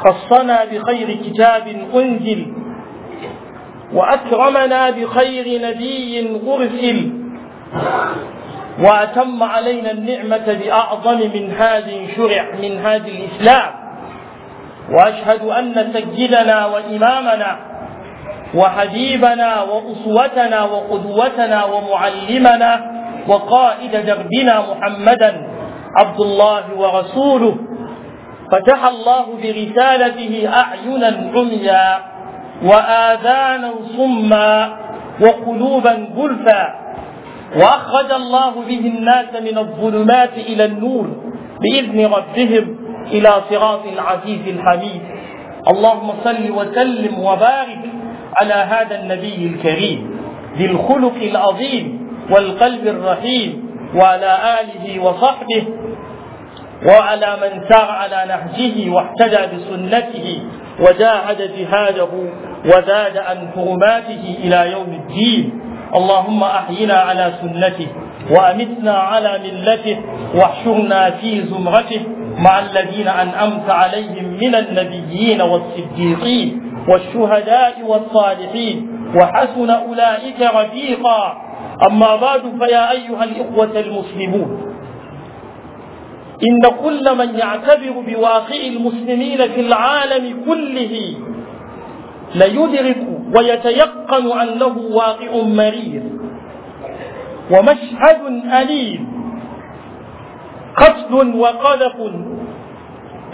خصنا بخير كتاب أنزل وأكرمنا بخير نبي أرسل وأتم علينا النعمة بأعظم هذا شرع هذا الإسلام وأشهد أن سيدنا وإمامنا وحبيبنا وأسوتنا وقدوتنا ومعلمنا وقائد دربنا محمدا عبد الله ورسوله فتح الله برسالته أعينا عميا وآذانا صما وقلوبا غلفا وأخرج الله به الناس من الظلمات إلى النور بإذن ربهم إلى صراط العزيز الحميد اللهم صل وسلم وبارك على هذا النبي الكريم ذي الخلق العظيم والقلب الرحيم وعلى آله وصحبه وعلى من سار على نهجه واهتدى بسنته وجاهد جهاده وزاد عن حرماته إلى يوم الدين اللهم أحينا على سنته وأمتنا على ملته واحشرنا في زمرته مع الذين أنعمت عليهم من النبيين والصديقين والشهداء والصالحين وحسن أولئك رفيقا أما بعد فيا أيها الإخوة المسلمون إن كل من يعتبر بواقع المسلمين في العالم كله ليدرك ويتيقن أنه واقع مرير ومشهد أليم قتل وقذف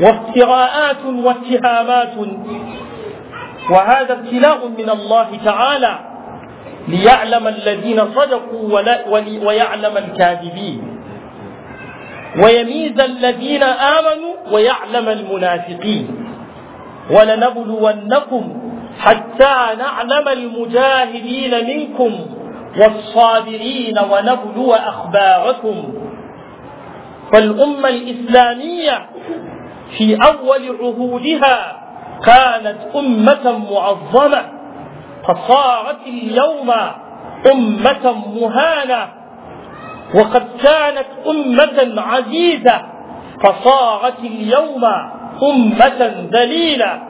وافتراءات واتهامات وهذا ابتلاء من الله تعالى ليعلم الذين صدقوا ويعلم الكاذبين ويميز الذين آمنوا ويعلم المنافقين ولنبلونكم حتى نعلم المجاهدين منكم والصابرين ونبلو أخباركم فالأمة الإسلامية في أول عهودها كانت أمة معظمة فصارت اليوم أمة مهانة وقد كانت أمة عزيزة فصارت اليوم أمة ذليلة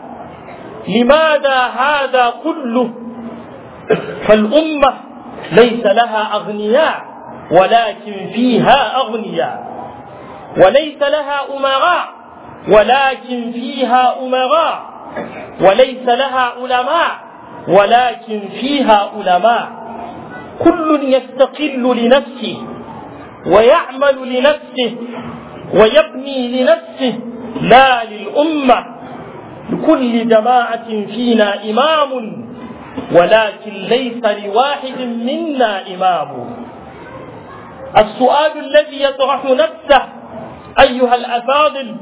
لماذا هذا كله فالأمة ليس لها أغنياء ولكن فيها أغنياء وليس لها أمراء ولكن فيها أمراء وليس لها علماء ولكن فيها علماء كل يستقل لنفسه ويعمل لنفسه ويبني لنفسه لا للأمة لكل جماعة فينا إمام ولكن ليس لواحد منا إمام السؤال الذي يطرح نفسه أيها الأفاضل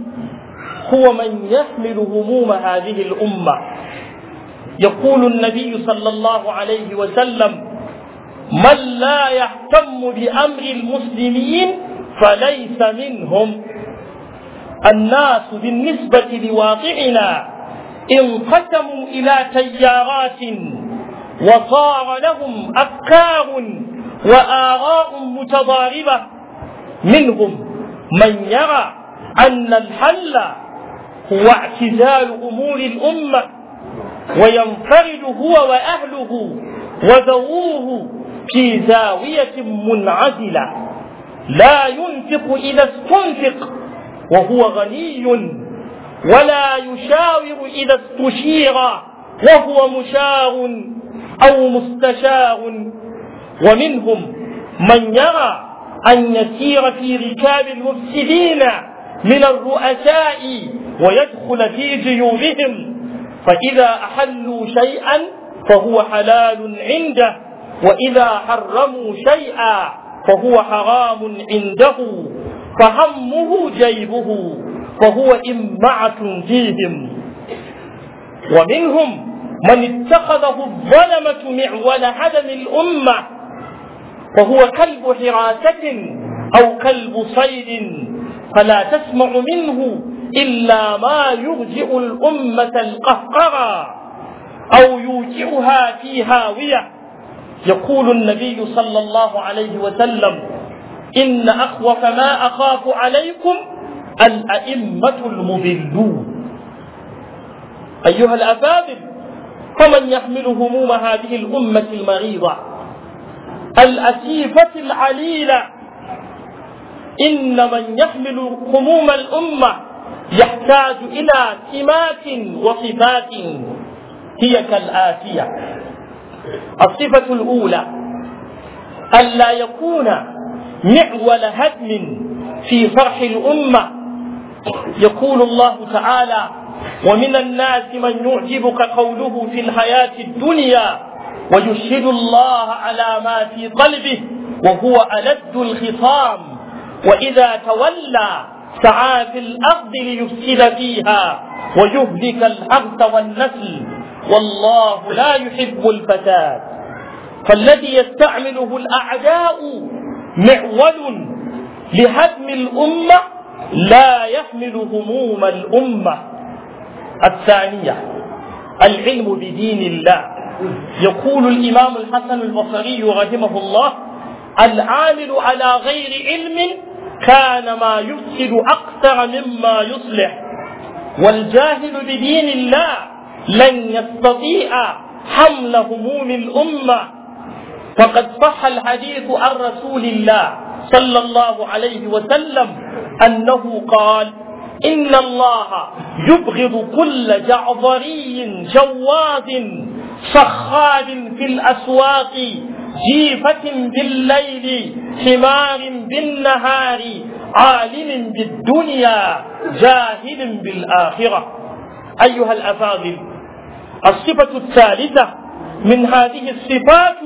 هو من يحمل هموم هذه الأمة يقول النبي صلى الله عليه وسلم من لا يهتم بأمر المسلمين فليس منهم الناس بالنسبة لواقعنا انقسموا إلى تيارات وصار لهم أفكار وآراء متضاربة منهم من يرى أن الحل هو اعتزال أمور الأمة وينفرد هو وأهله وذووه في زاوية منعزلة لا ينفق إذا استنفق وهو غني ولا يشاور إذا استشير وهو مشار أو مستشار ومنهم من يرى أن يسير في ركاب المفسدين من الرؤساء ويدخل في جيوبهم فإذا أحلوا شيئا فهو حلال عنده وإذا حرموا شيئا فهو حرام عنده فهمه جيبه فهو إمعة فيهم ومنهم من اتخذه الظلمة معول هدم الأمة فهو كلب حراسة أو كلب صيد فلا تسمع منه إلا ما يرجئ الأمة القهقرة أو يوجئها في هاوية يقول النبي صلى الله عليه وسلم إن أخوف ما أخاف عليكم الأئمة المضلون أيها الأفاضل فمن يحمل هموم هذه الأمة المريضة الأسيفة العليلة إن من يحمل هموم الأمة يحتاج إلى سمات وصفات هي كالآتية الصفة الأولى ألا يكون معول هدم في فرح الأمة يقول الله تعالى ومن الناس من يعجبك قوله في الحياة الدنيا ويشهد الله على ما في قلبه وهو ألد الخصام وإذا تولى سعى في الأرض ليفسد فيها ويهلك الأرض والنسل والله لا يحب الفساد فالذي يستعمله الأعداء معول لهدم الأمة لا يحمل هموم الأمة الثانية العلم بدين الله يقول الإمام الحسن البصري رحمه الله العامل على غير علم كان ما يفسد أكثر مما يصلح والجاهل بدين الله لن يستطيع حمل هموم الأمة فقد صح الحديث عن رسول الله صلى الله عليه وسلم أنه قال إن الله يبغض كل جعفري جواد صخاب في الأسواق جيفة بالليل حمار بالنهار عالم بالدنيا جاهل بالآخرة أيها الأفاضل الصفة الثالثة من هذه الصفات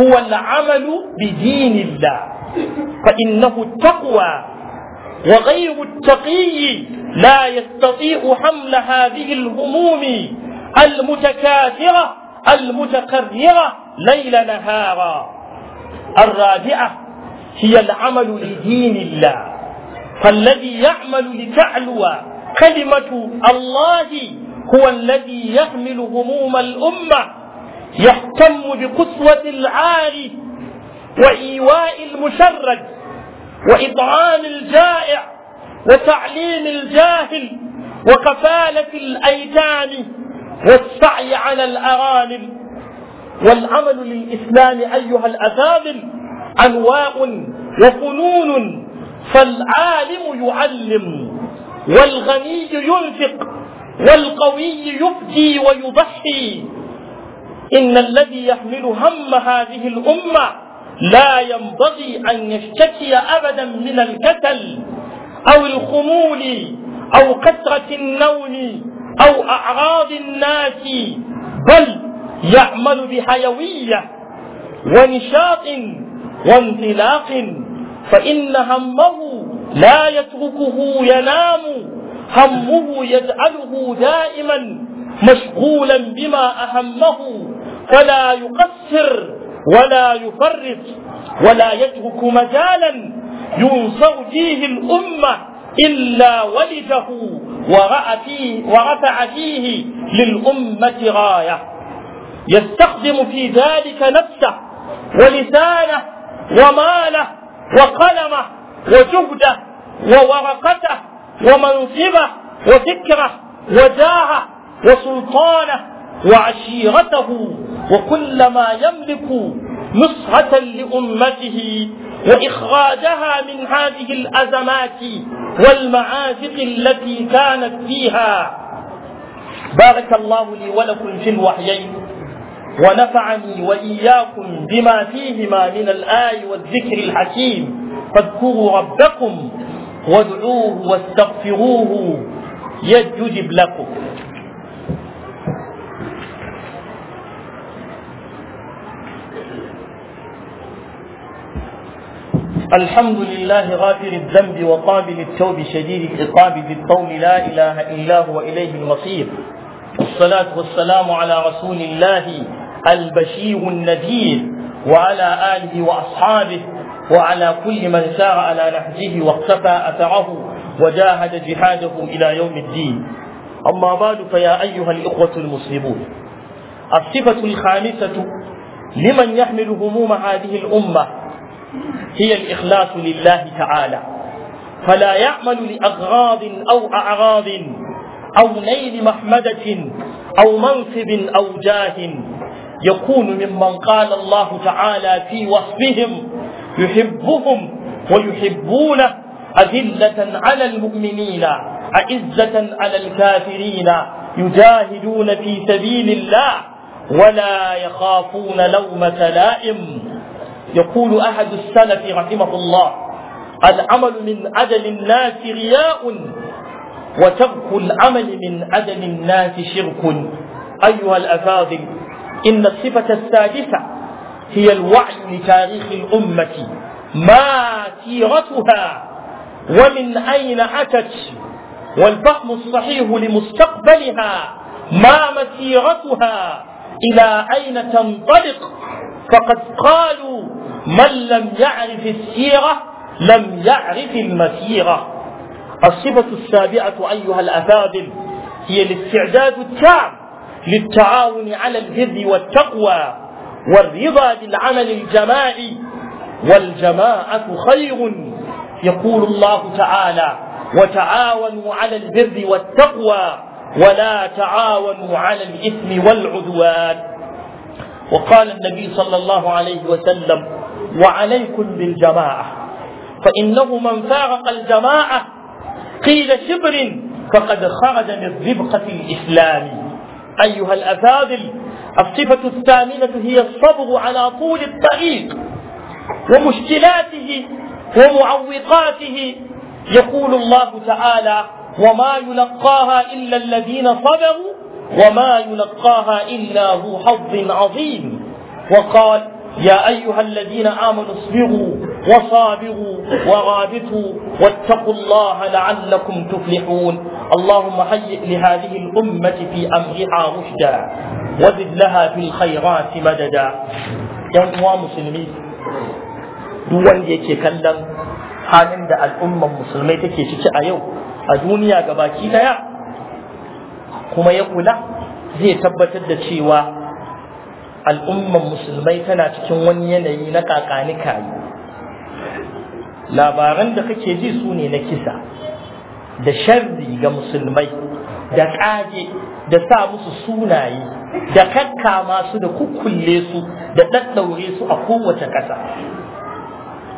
هو العمل بدين الله فإنه التقوى وغير التقي لا يستطيع حمل هذه الهموم المتكاثرة المتكررة ليل نهارا الرابعة هي العمل لدين الله فالذي يعمل لتعلو كلمة الله هو الذي يحمل هموم الأمة يهتم بقسوة العاري وإيواء المشرد وإطعام الجائع وتعليم الجاهل وكفالة الأيتام والسعي على الأرانب والعمل للإسلام أيها الأفاضل أنواع وفنون فالعالم يعلم والغني ينفق والقوي يبكي ويضحي إن الذي يحمل هم هذه الأمة لا ينبغي أن يشتكي أبدا من الكسل أو الخمول أو كثرة النوم أو أعراض الناس بل يعمل بحيوية ونشاط وانطلاق فإن همه لا يتركه ينام همه يجعله دائما مشغولا بما أهمه فلا يقصر ولا يفرط ولا يترك مجالا ينصر فيه الأمة إلا ولده ورفع فيه للأمة غاية يستخدم في ذلك نفسه ولسانه وماله وقلمه وجهده وورقته ومنصبه وفكره وجاهه وسلطانه وعشيرته وكل ما يملك نصحة لأمته وإخراجها من هذه الأزمات والمعازق التي كانت فيها بارك الله لي ولكم في الوحيين ونفعني وإياكم بما فيهما من الآي والذكر الحكيم فاذكروا ربكم وادعوه واستغفروه يجب لكم الحمد لله غافر الذنب وقابل التوب شديد العقاب ذي القوم لا اله الا هو اليه المصير والصلاه والسلام على رسول الله البشير النذير وعلى اله واصحابه وعلى كل من سار على نهجه واقتفى أثره وجاهد جهاده إلى يوم الدين أما بعد فيا أيها الإخوة المسلمون الصفة الخامسة لمن يحمل هموم هذه الأمة هي الإخلاص لله تعالى فلا يعمل لأغراض أو أعراض أو نيل محمدة أو منصب أو جاه يكون ممن قال الله تعالى في وصفهم يحبهم ويحبونه أذلة على المؤمنين أعزة على الكافرين يجاهدون في سبيل الله ولا يخافون لومة لائم يقول أحد السلف رحمه الله العمل من عدل الناس رياء وترك العمل من عدل الناس شرك أيها الأفاضل إن الصفة السادسة هي الوعي لتاريخ الأمة ما سيرتها ومن أين أتت والفهم الصحيح لمستقبلها ما مسيرتها إلى أين تنطلق فقد قالوا من لم يعرف السيرة لم يعرف المسيرة الصفة السابعة أيها الأفاضل هي الاستعداد التام للتعاون على البر والتقوى والرضا بالعمل الجماعي والجماعة خير يقول الله تعالى وتعاونوا على البر والتقوى ولا تعاونوا على الإثم والعدوان وقال النبي صلى الله عليه وسلم وعليكم بالجماعة فإنه من فارق الجماعة قيل شبر فقد خرج من ربقة الإسلام أيها الأفاضل الصفة الثامنة هي الصبر على طول الطريق ومشكلاته ومعوقاته يقول الله تعالى وما يلقاها إلا الذين صبروا وما يلقاها إلا ذو حظ عظيم وقال يا أيها الذين آمنوا اصبروا وصابروا ورابطوا واتقوا الله لعلكم تفلحون اللهم هيئ لهذه الأمة في أمرها رشدا وزد لها في الخيرات مددا ‘yan uwa musulmi duk wanda yake kallon halin da al'umman musulmai take ciki a yau a duniya ga baki daya kuma ya kula zai tabbatar da cewa al'ummar musulmai tana cikin wani yanayi na kakani kayi labaran da kake ji su ne na kisa da sharri ga musulmai da ƙage da sa musu sunaye da kakkama su da kukkulle su da ɗaɗɗaure su a kowace ƙasa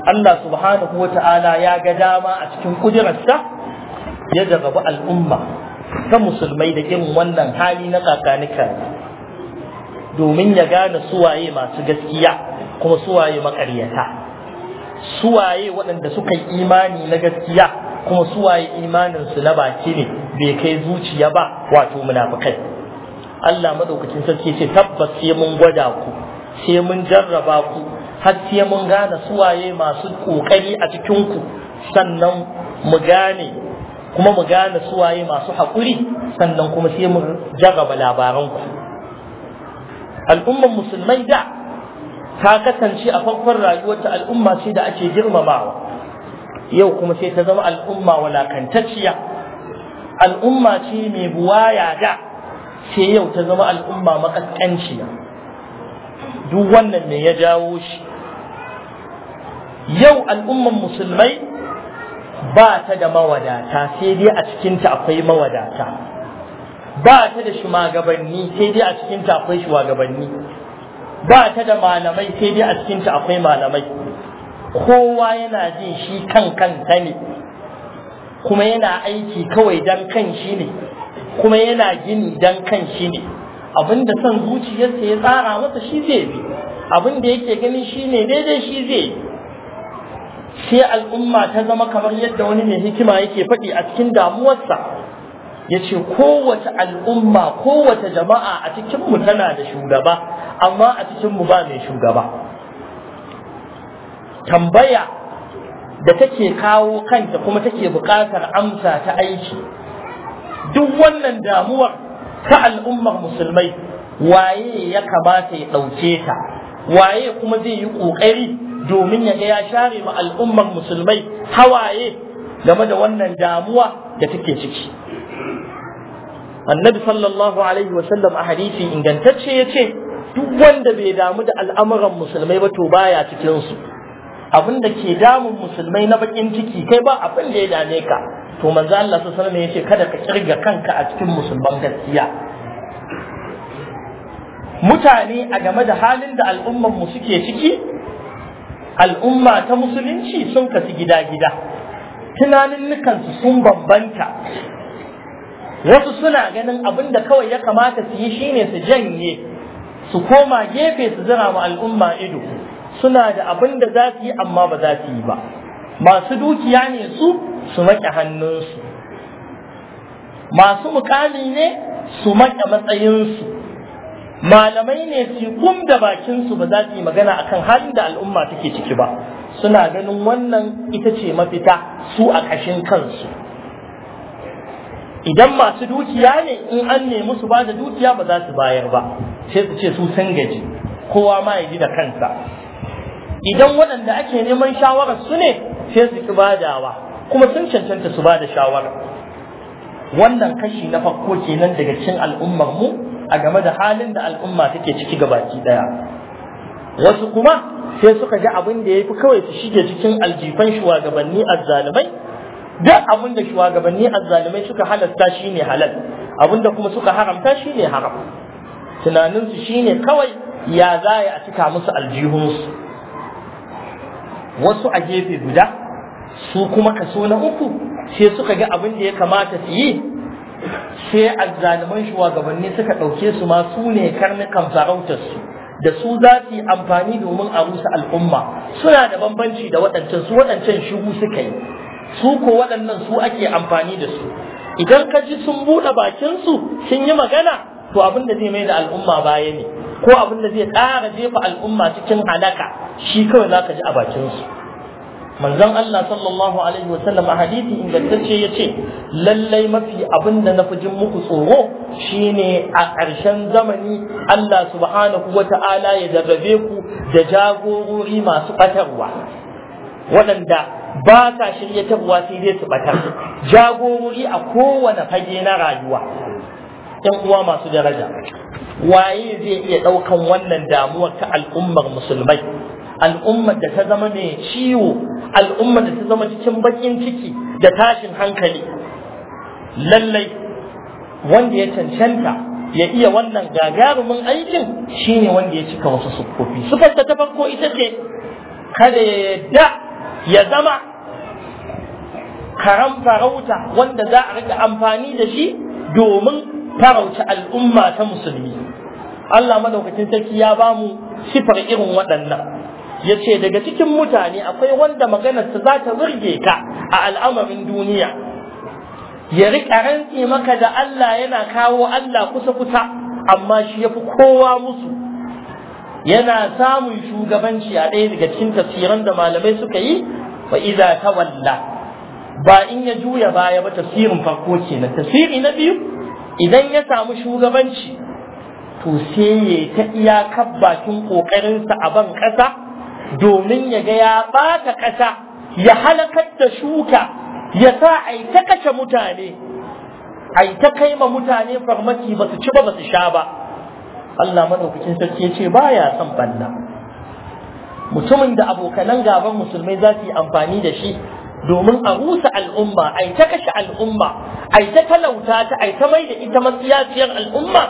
Allah subhanahu wa ta'ala ya ga dama a cikin ƙudurarsa ya jarrabu al'umma ta musulmai da irin wannan hali na kakanika domin ya gane suwaye masu gaskiya kuma suwaye maƙaryata suwaye waɗanda suka yi imani na gaskiya kuma suwaye imanin su na baki ne bai kai zuciya ba wato munafikai Allah madaukakin sarki ce tabbas sai mun gwada ku sai mun jarraba ku har sai mun gane suwaye masu kokari a cikin ku sannan mu gane kuma mu gane suwaye masu haƙuri sannan kuma sai mun jarraba labaranku al'ummar musulmai da ta kasance a farkon rayuwarta al'umma ce da ake girmamawa yau kuma sai ta zama al'umma walakantacciya al'umma ce mai buwaya da sai yau ta zama al'umma makaskanciya duk wannan ne ya jawo shi yau al'umman musulmai ba ta da mawadata sai dai a cikinta akwai mawadata ba ta da shugabanni sai dai a cikinta akwai shugabanni ba ta da malamai sai dai a cikinta akwai malamai kowa yana jin shi kan kanta ne kuma yana aiki kawai dan kan shi ne kuma yana gini dan kan shi ne abinda son zuciyarsa ya tsara masa shi zai bi abinda yake ganin shi ne daidai shi zai sai al'umma ta zama kamar yadda wani mai hikima yake faɗi a cikin damuwarsa ya ce kowace al'umma kowace jama'a a cikinmu tana da shugaba amma a cikinmu ba mai shugaba tambaya da take kawo kanta kuma take buƙatar amsa ta aiki duk wannan damuwar ta al'ummar musulmai waye ya kamata ya ɗauke ta waye kuma zai yi ƙoƙari domin ya ga ya share ma al'ummar musulmai hawaye game da wannan damuwa da take ciki annabi sallallahu alaihi wasallam a hadisi ingantacce ya ce duk wanda bai damu da al'amuran musulmai ba to baya cikinsu abin da ke damun musulmai na bakin ciki kai ba abin da ya dame ka to manzo Allah sallallahu alaihi wasallam yace kada ka kirga kanka a cikin musulman gaskiya mutane a game da halin da al'ummar mu suke ciki al'umma ta musulunci sun kasu gida-gida Tunanin tunaninnukansu sun bambanta wasu suna ganin abin da kawai ya kamata su yi shine su janye su koma gefe su zira wa al'umma ido suna da abin da za su yi amma ba za su yi ba masu dukiya ne su su maƙe hannunsu masu mukami ne su maƙe matsayinsu malamai ne su kum da bakinsu ba za su yi magana akan halin da al'umma take ciki ba suna ganin wannan ita ce mafita su a ƙashin kansu idan masu dukiya ne in an nemi su ba da dukiya ba za su bayar ba sai su ce su sun gaji kowa ma ya ji da kansa idan waɗanda ake neman shawarar su ne sai su ki badawa kuma sun cancanta su bada shawara wannan kashi na farko kenan daga cikin al'ummar mu a game da halin da al'umma take ciki gabaki daya wasu kuma sai suka ga abin da yafi kawai su shige cikin aljifan shugabanni azzalumai duk abin da shugabanni azzalumai suka halasta shine halal abin da kuma suka haramta shine haram tunaninsu shine kawai ya zaya a cika musu aljihunsu wasu a gefe guda su kuma kaso na uku sai suka ga abin da ya kamata su yi sai azzaliman shugabanni suka ɗauke su ma su ne karnukan farautarsu da su za su yi amfani domin a rusa al'umma suna da bambanci da waɗancan su waɗancan shigu suka yi su ko waɗannan su ake amfani da su idan ka ji sun buɗe bakinsu sun yi magana to abin da zai mai da al'umma baya ne ko abin da zai ƙara jefa al'umma cikin halaka shi kawai za ka ji a bakinsu manzon Allah sallallahu alaihi wasallam a hadisi ingantacce ya ce lallai mafi abin da na jin muku tsoro shine a ƙarshen zamani Allah subhanahu wa ta'ala ya jarrabe ku da jagorori masu ɓatarwa waɗanda ba sa shiryatarwa sai dai su ɓatar jagorori a kowane fage na rayuwa ‘yan uwa masu daraja waye zai iya ɗaukan wannan damuwar ta al'ummar musulmai al'ummar da ta zama mai ciwo al'ummar da ta zama cikin bakin ciki da tashin hankali lallai wanda ya cancanta ya iya wannan gagarumin aikin shine wanda ya cika wasu siffofi siffar ta farko ita ce kada ya yadda ya zama karan farauta wanda za a riƙa amfani da shi domin tarauci al'umma ta musulmi Allah madaukakin sarki ya bamu mu sifar irin waɗannan ya ce daga cikin mutane akwai wanda maganarsa za ta zurge ka a al'amarin duniya ya riƙa rantsi maka da Allah yana kawo Allah kusa-kusa amma shi ya fi kowa musu yana samun shugabanci a ɗaya daga cikin tafsiran da malamai suka yi ba iza tawalla ba in ya juya baya ba tafsirin farko kenan tafsiri na biyu idan ya samu shugabanci to sai ya ta iyakar bakin ƙoƙarinsa a ban ƙasa domin ya ga ya ɓata ƙasa ya halakar da shuka ya sa a yi ta kashe mutane a yi ta kai ma mutane farmaki ba su ci ba ba su sha ba Allah madaukakin sarki yace ce ba son banna mutumin da abokanan gaban musulmai za su yi amfani da shi domin a rusa al'umma a ta kashe al'umma a ta talauta ta ai ta mai da ita matsiyaciyar al'umma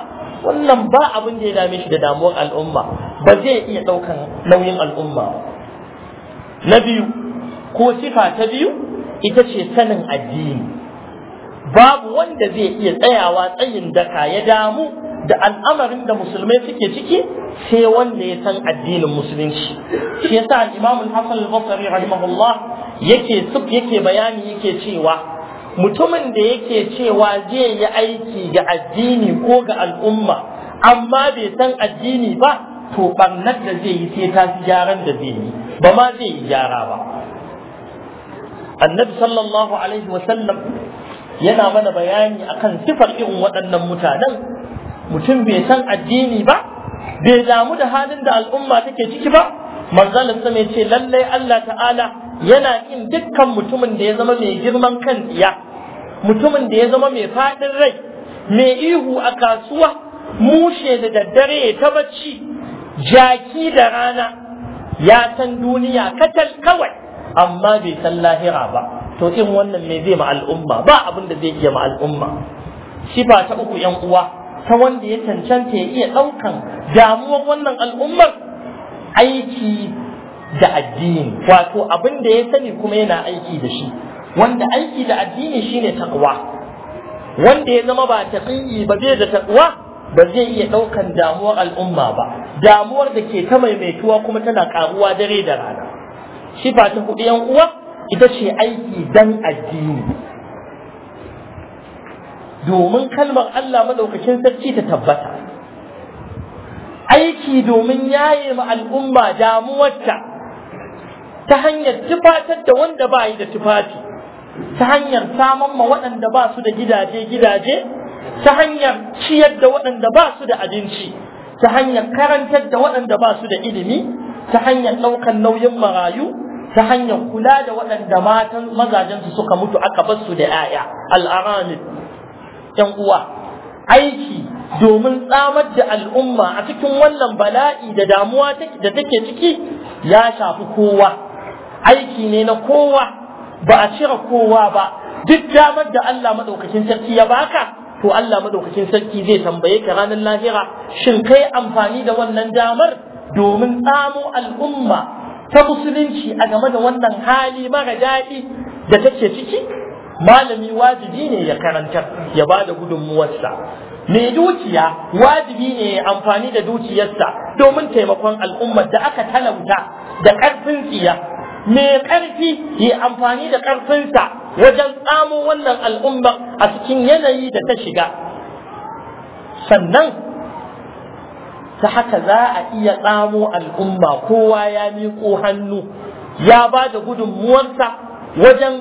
wannan ba abin da ya dame shi da damuwar al'umma ba zai iya ɗaukan nauyin al'umma na biyu ko sifa ta biyu ita ce sanin addini babu wanda zai iya tsayawa tsayin daka ya damu da al'amarin da musulmai suke ciki sai wanda ya san addinin musulunci shi yasa imamul hasan al-basri rahimahullah yake sub yake bayani yake cewa mutumin da yake cewa zai yi aiki ga addini ko ga al'umma amma bai san addini ba to ɓarnar da zai yi sai ta fi gyaran da zai yi ba ma zai yi gyara ba annabi sallallahu alaihi wasallam yana mana bayani akan sifar irin waɗannan mutanen mutum bai san addini ba bai damu da halin da al'umma take ciki ba manzalin sama ya ce lallai Allah ta'ala yana kin dukkan mutumin da ya zama mai girman kan ɗiya. mutumin da ya zama mai faɗin rai mai ihu a kasuwa mushe da daddare ya ta bacci jaki da rana ya san duniya katal kawai amma bai san lahira ba to in wannan me zai ma al'umma ba abin da zai iya ma al'umma sifa ta uku yan uwa ta wanda ya cancanta ya iya ɗaukan damuwar wannan al'ummar aiki da addini wato abin da ya sani kuma yana aiki da shi wanda aiki da addini shine takwa wanda ya zama ba ta ba zai da takwa ba zai iya daukan damuwar al'umma ba damuwar da ke ta maimaituwa kuma tana karuwa dare da rana sifa ta kuɗi yan uwa ita ce aiki dan addini domin kalmar Allah madaukakin sarki ta tabbata aiki domin yaye ma al'umma damuwarta ta hanyar tufatar da wanda ba yi da tufafi ta hanyar saman ma waɗanda ba su da gidaje gidaje ta hanyar ciyar da waɗanda ba su da abinci ta hanyar karantar da waɗanda ba su da ilimi ta hanyar ɗaukar nauyin marayu ta hanyar kula da waɗanda matan mazajensu suka mutu aka bar su da 'ya'ya al'aramin yan uwa aiki domin tsamar da al'umma a cikin wannan bala'i da damuwa da take ciki ya shafi kowa aiki ne na kowa ba a cire kowa ba duk damar da Allah maɗaukacin sarki ya baka to Allah maɗaukacin sarki zai tambaye ka ranar lahira shin kai amfani da wannan damar domin tsamo al'umma ta musulunci a game da wannan hali mara daɗi da take ciki malami wajibi ne ya karantar ya ba da gudunmuwarsa mai dukiya wajibi ne ya amfani da dukiyarsa domin taimakon al'ummar da aka talauta da ƙarfin tsiya mai ƙarfi ya amfani da ƙarfinsa wajen tsamo wannan al'ummar a cikin yanayi da ta shiga sannan ta haka za a iya tsamo al'umma kowa ya miƙo hannu ya ba da gudunmuwarsa wajen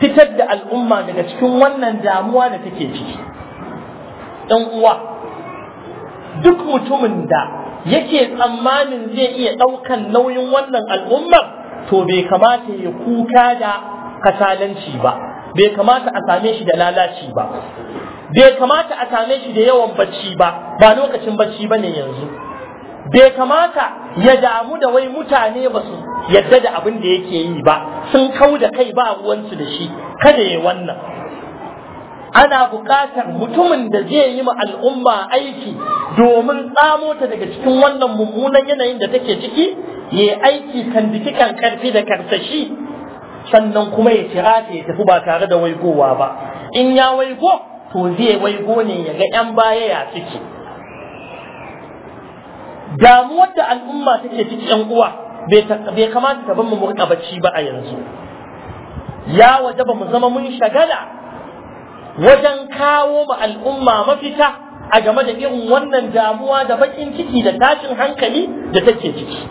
fitar da al'umma daga cikin wannan damuwa da take ciki ɗan uwa duk mutumin da yake tsammanin zai iya ɗaukan nauyin wannan al'ummar to bai kamata ya kuka da kasalanci ba bai kamata a same shi da lalaci ba bai kamata a same shi da yawan bacci ba ba lokacin bacci ba ne yanzu bai kamata ya damu da wai mutane ba su yadda da abin da yake yi ba sun kau da kai ba ruwansu da shi kada ya wannan ana buƙatar mutumin da zai yi ma al'umma aiki domin tsamo ta daga cikin wannan mummunan yanayin da take ciki ya aiki kan dikikan karfi da karsashi sannan kuma ya kira ta ya tafi ba tare da waigowa ba in ya waigo to zai waigo ne ya ga 'yan baya ya ciki damuwar da al'umma take ciki 'yan uwa bai kamata ta ban mu murƙa bacci ba a yanzu ya waje ba mu zama mun shagala wajen kawo ma al'umma mafita a game da irin wannan damuwa da bakin ciki da tashin hankali da take ciki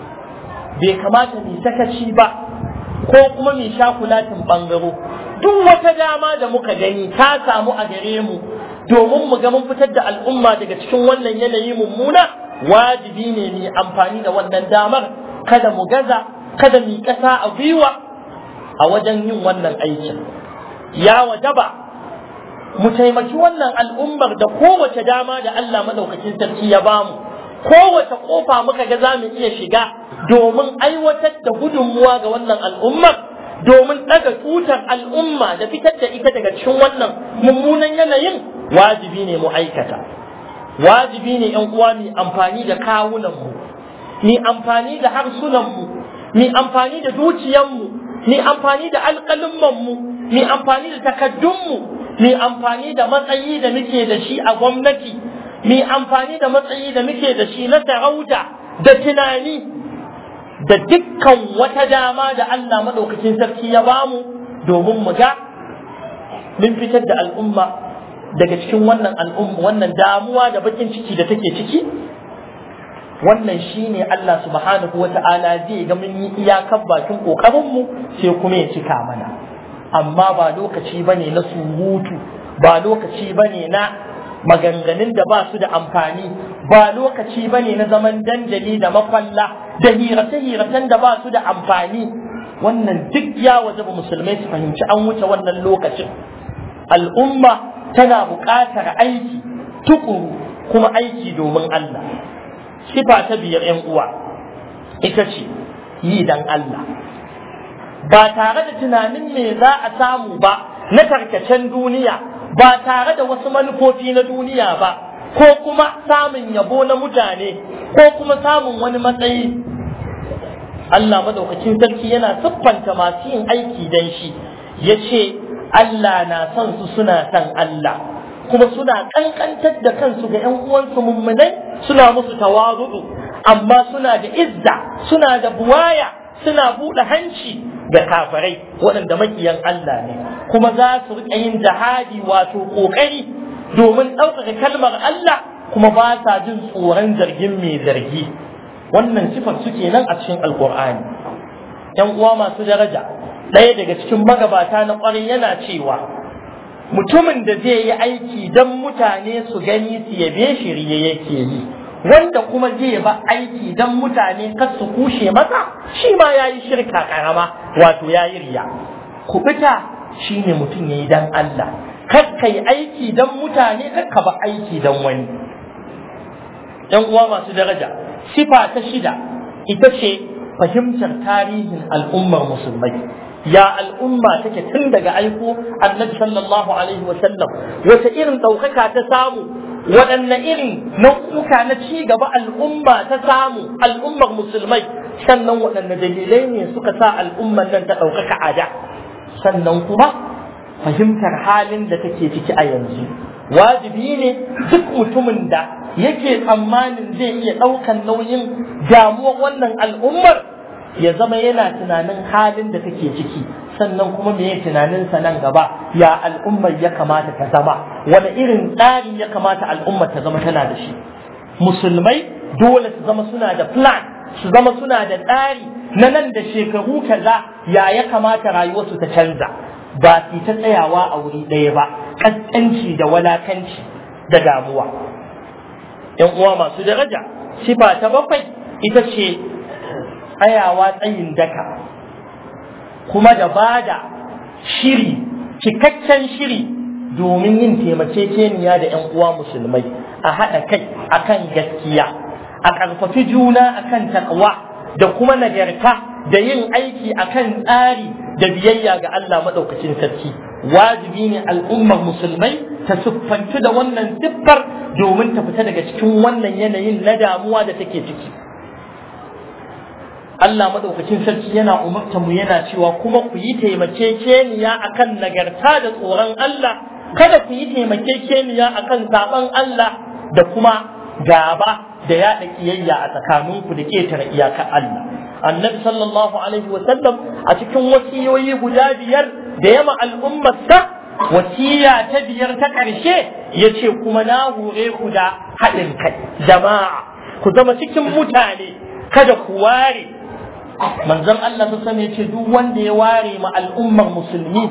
bai kamata mu sakaci ba ko kuma mu sha kulatin bangaro duk wata dama da muka gani ta samu a gare mu domin mu ga mun fitar da al'umma daga cikin wannan yanayi mummuna wajibi ne mu amfani da wannan damar kada mu gaza kada mu kasa a gwiwa a wajen yin wannan aikin ya wajaba mu taimaki wannan al'ummar da kowace dama da Allah madaukakin sarki ya bamu kowace kofa muka ga zamu iya shiga domin aiwatar da gudunmuwa ga wannan al'ummar domin daga tutar al'umma da fitar da ita daga cikin wannan mummunan yanayin wajibi ne mu aikata wajibi ne yan uwa mu amfani da kawunan mu ni amfani da harsunan mu ni amfani da dukiyan mu ni amfani da alƙalin mu mai amfani da takaddunmu mai amfani da matsayi da muke da shi a gwamnati mai amfani da matsayi da muke da shi na sarauta da tunani da dukkan wata dama da Allah maɗaukacin sarki ya bamu domin mu ga mun fitar da al'umma daga cikin wannan al'umma wannan damuwa da bakin ciki da take ciki wannan shine Allah subhanahu wata'ala zai ga mun yi iyakar bakin kokarinmu sai kuma ya cika mana amma ba lokaci bane na surutu ba lokaci bane na maganganun da ba su da amfani ba lokaci bane na zaman danjali da makwalla da hirata hiratan da ba su da amfani wannan duk ya wajaba musulmai su fahimci an wuce wannan lokacin al'umma tana buƙatar aiki tukuru kuma aiki domin Allah sifa ta biyar 'yan uwa ita ce yi dan Allah ba tare da tunanin me za a samu ba na tarkacen duniya ba tare da wasu manufofi na duniya ba ko kuma samun yabo na mutane ko kuma samun wani matsayi Allah madaukakin sarki yana siffanta masu yin aiki dan shi ya ce Allah na son su suna son Allah kuma suna kankantar da kansu ga ‘yan uwansu mummunai suna musu tawaru'u amma suna da izza suna da buwaya suna buɗe hanci Da kafirai waɗanda makiyan Allah ne kuma za su riƙa yin jihadi wato ƙoƙari domin ɗaukaka kalmar Allah kuma ba sa jin tsoron zargin mai zargi wannan sifar su nan a cikin alƙur'ani ‘yan uwa masu daraja ɗaya daga cikin magabata na ƙwarai yana cewa mutumin da zai yi aiki don mutane su gani su yabe shirye yake yi wanda kuma zai ba aiki don mutane kar su kushe masa shi ma ya yi shirka karama wato ya yi riya ku fita shi ne mutum ya yi don Allah kar ka yi aiki don mutane kar ka ba aiki don wani ‘yan uwa masu daraja sifa ta shida ita ce fahimtar tarihin al'ummar musulmai ya al'umma take tun daga aiko annabi sallallahu alaihi wa sallam wata irin ɗaukaka ta samu waɗanne irin nau'uka na ci gaba al'umma ta samu al'ummar musulmai sannan waɗanne dalilai ne suka sa al'ummar nan ta ɗaukaka a da sannan kuma fahimtar halin da take ciki a yanzu wajibi ne duk mutumin da yake tsammanin zai iya ɗaukan nauyin damuwar wannan al'ummar ya zama yana tunanin halin da take ciki sannan kuma me ya tunaninsa nan gaba ya al'ummar ya kamata ta zama wani irin tsari ya kamata al'ummar ta zama tana da shi musulmai dole su zama suna da plan su zama suna da tsari na nan da shekaru kaza ya ya kamata rayuwarsu ta canza ba su ta tsayawa a wuri ɗaya ba ƙasƙanci da walakanci da damuwa ‘yan uwa masu daraja sifa ta bakwai ita ce tsayawa tsayin daka kuma da ba da shiri cikakken shiri domin yin taimakekeniya da 'yan uwa musulmai a haɗa kai a kan gaskiya a ƙarfafi juna a kan takawa da kuma nagarta da yin aiki a kan tsari da biyayya ga Allah maɗaukacin sarki wajibi ne al'ummar musulmai ta siffantu da wannan siffar domin ta fita daga cikin wannan yanayin na damuwa da take ciki Allah madaukakin sarki yana umarta mu yana cewa kuma ku yi taimakekeniya akan nagarta da tsoron Allah kada ku yi taimakekeniya akan saban Allah da kuma gaba da yaɗa ƙiyayya a tsakaninku da ƙetare iyakar Allah annabi sallallahu alaihi wa sallam a cikin wasiyoyi guda biyar da yama al'ummarsa wasiya ta biyar ta ƙarshe yace kuma na hure ku da haɗin kai jama'a ku zama cikin mutane kada ku ware manzon Allah ta sani ce duk wanda ya ware ma al'ummar musulmi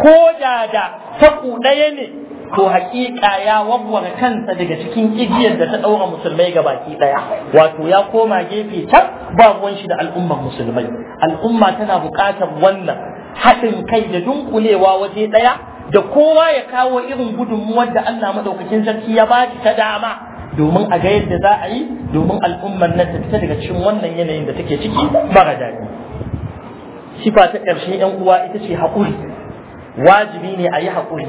ko da da taku ɗaya ne to haƙiƙa ya wawware kansa daga cikin igiyar da ta ɗaura musulmai ga baki ɗaya wato ya koma gefe ta ba ruwan shi da al'ummar musulmai al'umma tana buƙatar wannan haɗin kai da dunkulewa waje ɗaya da kowa ya kawo irin gudunmuwar da Allah madaukakin sarki ya ba ta dama domin a ga yadda za a yi domin al'ummar nan ta fita daga cikin wannan yanayin da take ciki mara daɗi sifa ta ƙarshe yan uwa ita ce haƙuri wajibi ne a yi haƙuri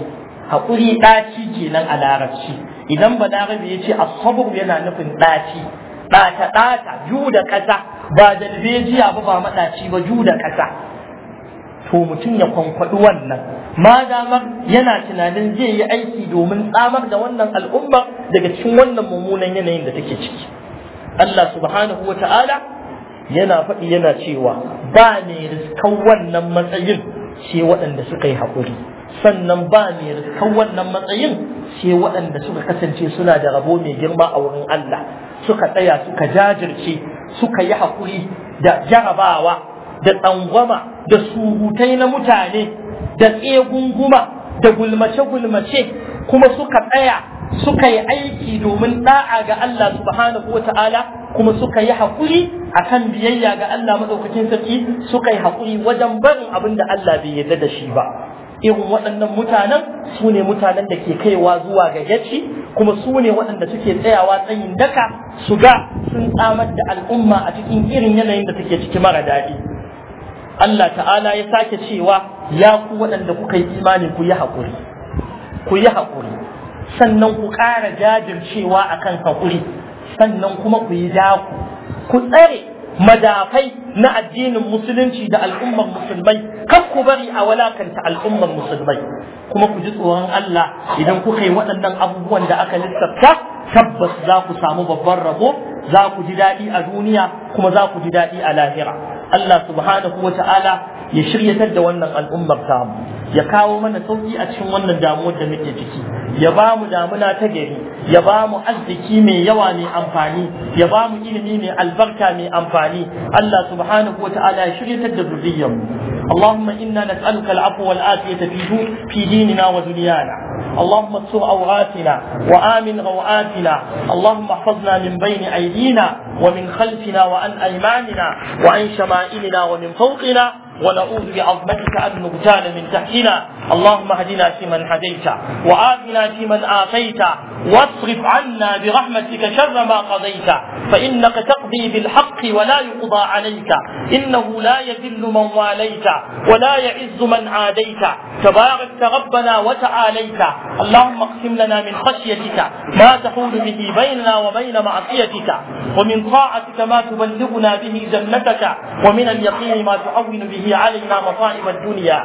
haƙuri ɗaci kenan a larabci idan balarabe ya ce asabar yana nufin ɗaci ɗata ɗata ju da ƙasa ba dalbejiya ba ba maɗaci ba ju da ƙasa to mutum ya kwankwaɗi wannan ma damar yana tunanin zai yi aiki domin tsamar da wannan al'ummar daga cikin wannan mummunan yanayin da take ciki Allah subhanahu wa ta'ala yana faɗi yana cewa ba mai riskan wannan matsayin sai waɗanda suka yi haƙuri sannan ba mai riskan wannan matsayin sai waɗanda suka kasance suna da rabo mai girma a wurin Allah suka tsaya suka jajirce suka yi haƙuri da jarabawa da tsangwama da surutai na mutane da tsegunguma da gulmace-gulmace kuma suka tsaya suka yi aiki domin da'a ga Allah subhanahu wa ta'ala kuma suka yi hakuri a kan biyayya ga Allah maɗaukakin sarki suka yi haƙuri wajen barin abin da Allah bai yarda da shi ba irin waɗannan mutanen su ne mutanen da ke kaiwa zuwa ga yaci kuma su ne waɗanda suke tsayawa tsayin daka su ga sun tsamar da al'umma a cikin irin yanayin da take ciki mara daɗi Allah ta'ala ya sake cewa ya ku waɗanda kuka yi imani ku yi haƙuri ku yi haƙuri sannan ku ƙara jajircewa akan haƙuri sannan kuma ku yi daku ku tsare madafai na addinin musulunci da al'ummar musulmai kan ku bari a walakanta al'ummar musulmai kuma ku ji tsoron Allah idan kuka yi waɗannan abubuwan da aka lissafta tabbas za ku samu babban rabo za ku ji daɗi a duniya kuma za ku ji daɗi a lahira Allah subhanahu wa ta'ala ya shiryatar da wannan al'ummar ta ya kawo mana sauki a cikin wannan damuwar da muke ciki ya ba mu damuna ta gari ya ba mu arziki mai yawa mai amfani ya ba mu ilimi mai albarka mai amfani Allah subhanahu wa ta'ala ya shiryatar da zuriyar mu اللهم إنا نسألك العفو والآتية في في ديننا ودنيانا اللهم استر أوعاتنا وآمن روآتنا اللهم احفظنا من بين أيدينا ومن خلفنا وعن أيماننا وعن شمائلنا ومن فوقنا ونعوذ بعظمتك أن نغتال من تحتنا اللهم اهدنا فيمن هديت وآتنا فيمن آتيت واصرف عنا برحمتك شر ما قضيت فإنك تقضي بالحق ولا يقضى عليك إنه لا يذل من واليت ولا يعز من عاديت تباركت ربنا وتعاليت اللهم اقسم لنا من خشيتك ما تحول به بيننا وبين معصيتك ومن طاعتك ما تبلغنا به جنتك ومن اليقين ما تعون به علينا مصائب الدنيا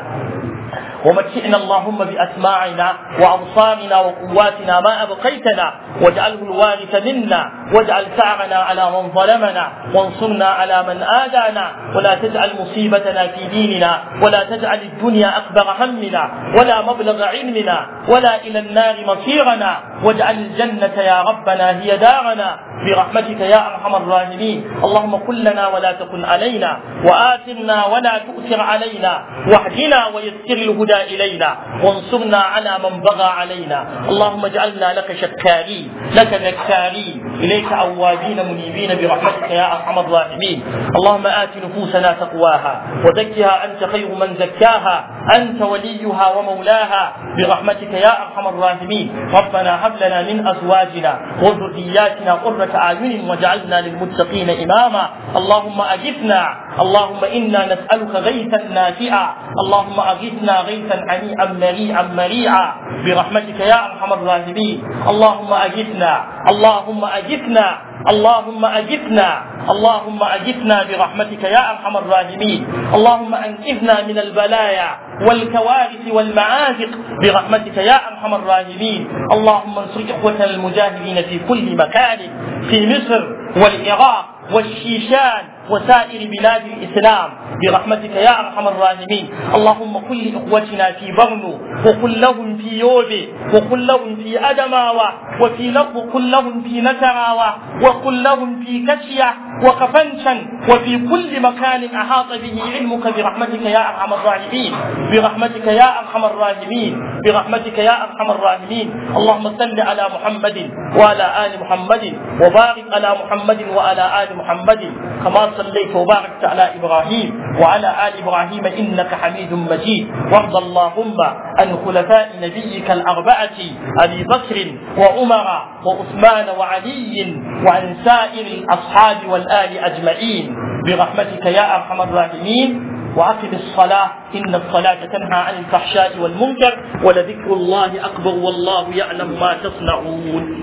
ومتعنا اللهم بأسماعنا وأبصارنا وقواتنا ما أبقيتنا واجعله الوارث منا واجعل ثأرنا على من ظلمنا وانصرنا على من آذانا ولا تجعل مصيبتنا في ديننا ولا تجعل الدنيا أكبر همنا ولا مبلغ علمنا ولا إلى النار مصيرنا واجعل الجنة يا ربنا هي دارنا برحمتك يا ارحم الراحمين اللهم كن لنا ولا تكن علينا وآثرنا ولا تؤثر علينا واهدنا ويسر الهدى الينا وانصرنا على من بغى علينا اللهم اجعلنا لك شكارين لك ذكارين إليك أوابين منيبين برحمتك يا أرحم الراحمين اللهم آت نفوسنا تقواها وزكها أنت خير من زكاها أنت وليها ومولاها برحمتك يا أرحم الراحمين ربنا هب لنا من أزواجنا وذرياتنا قرة أعين واجعلنا للمتقين إماما اللهم أجبنا اللهم إنا نسألك غيثا نافعا اللهم أغثنا غيثا هنيئا مريئا مريعا برحمتك يا أرحم الراحمين اللهم أغثنا اللهم أغثنا اللهم أجبنا اللهم أجبنا برحمتك يا أرحم الراحمين اللهم أنقذنا من البلايا والكوارث والمعازق برحمتك يا أرحم الراحمين اللهم انصر إخوتنا المجاهدين في كل مكان في مصر والعراق والشيشان وسائر بلاد الإسلام برحمتك يا أرحم الراحمين اللهم كن لإخوتنا في برنو وكن لهم في يوبي وكن لهم في أدماوة وفي لغو وكن لهم في نتراوة وكن لهم في كشية وقفنشا وفي كل مكان أحاط به علمك برحمتك يا أرحم الراحمين برحمتك يا أرحم الراحمين برحمتك يا أرحم الراحمين اللهم صل على محمد وعلى آل محمد وبارك على محمد وعلى آل محمد كما صليت وباركت على ابراهيم وعلى ال ابراهيم انك حميد مجيد وارض اللهم عن خلفاء نبيك الاربعه ابي بكر وعمر وعثمان وعلي وعن سائر الاصحاب والال اجمعين برحمتك يا ارحم الراحمين وأقم الصلاة إن الصلاة تنهى عن الفحشاء والمنكر ولذكر الله أكبر والله يعلم ما تصنعون